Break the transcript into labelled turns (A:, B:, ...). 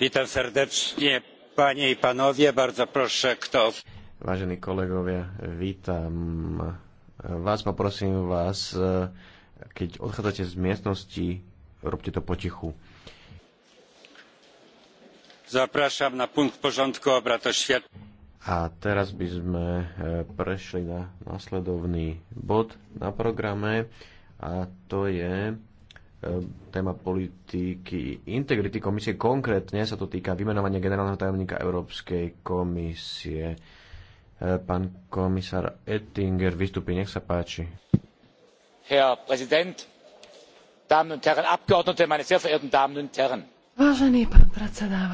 A: Vítam srdečne, pani i bardzo proszę, kto...
B: Vážení kolegovia, vítam vás, poprosím vás, keď odchádzate z miestnosti, robte to potichu
A: zapraszam na punkt porządku obrad
B: A teraz by sme e, prešli na nasledovný bod na programe a to je Ehm, téma politiky integrity komisie. Konkrétne sa to týka vymenovania generálneho tajomníka Európskej komisie. Ehm, pán komisár Ettinger vystupí, nech sa páči.
C: Herr Präsident, Damen und Herren Abgeordnete, meine sehr verehrten Damen und Herren. Vážený pán predseda,